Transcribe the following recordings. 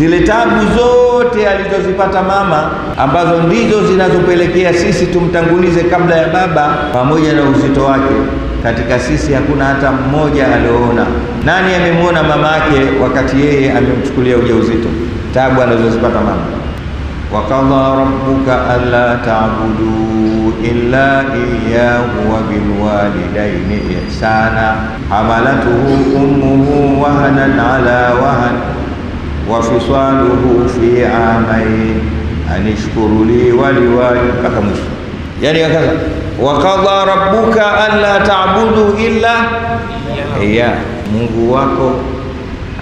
zile tabu zote alizozipata mama ambazo ndizo zinazopelekea sisi tumtangulize kabla ya baba, pamoja na uzito wake katika sisi hakuna hata mmoja alioona. Nani amemwona mama yake wakati yeye amemchukulia ujauzito, tabu anazozipata mama? wakadha rabbuka alla ta'budu illa iyyahu wa ihsana hamalatuhu ummuhu wahanan ala wahan wafisaluhu fi amain anishkuru li waliwali mpaka mwisho. Yani akaza wakadha rabbuka alla ta'budu illa iya, Mungu wako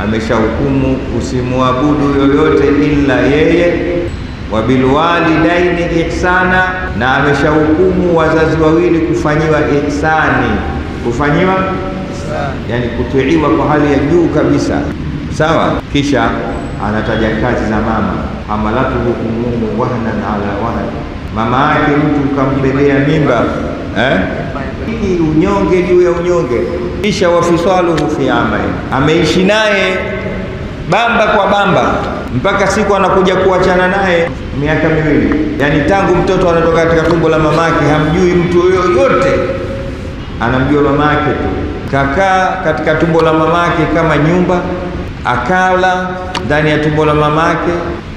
ameshahukumu usimwabudu yoyote illa yeye. Wabilwalidaini ihsana, na ameshahukumu wazazi wawili kufanyiwa ihsani, kufanyiwa yani kutiiwa kwa hali ya juu kabisa. Sawa, kisha anataja kazi za mama, hamalatuhu ummuhu wahnan ala wahn, mama yake mtu kambebea mimba eh? Hii unyonge juu ya unyonge, kisha wafisaluhu fi amali, ameishi naye bamba kwa bamba mpaka siku anakuja kuachana naye miaka miwili, yani tangu mtoto anatoka katika tumbo la mamake, hamjui mtu yoyote, anamjua mamake tu, kakaa katika tumbo la mamake kama nyumba akala ndani ya tumbo la mamake,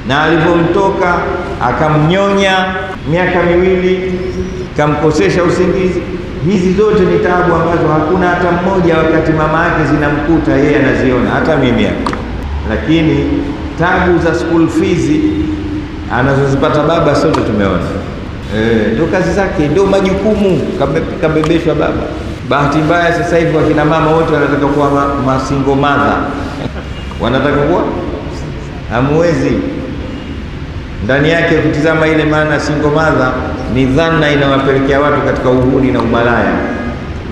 na alivyomtoka akamnyonya miaka miwili, kamkosesha usingizi. Hizi zote ni taabu ambazo hakuna hata mmoja wakati mama yake zinamkuta yeye anaziona, hata mimi hapa. Lakini tabu za school fees anazozipata baba sote tumeona, eh, ndio e, kazi zake, ndio majukumu kabebeshwa baba. Bahati mbaya sasa hivi wakina mama wote wanataka kuwa masingo madha wanataka kuwa hamwezi ndani yake kutizama ile maana singomadha ni dhana inawapelekea watu katika uhuni na umalaya.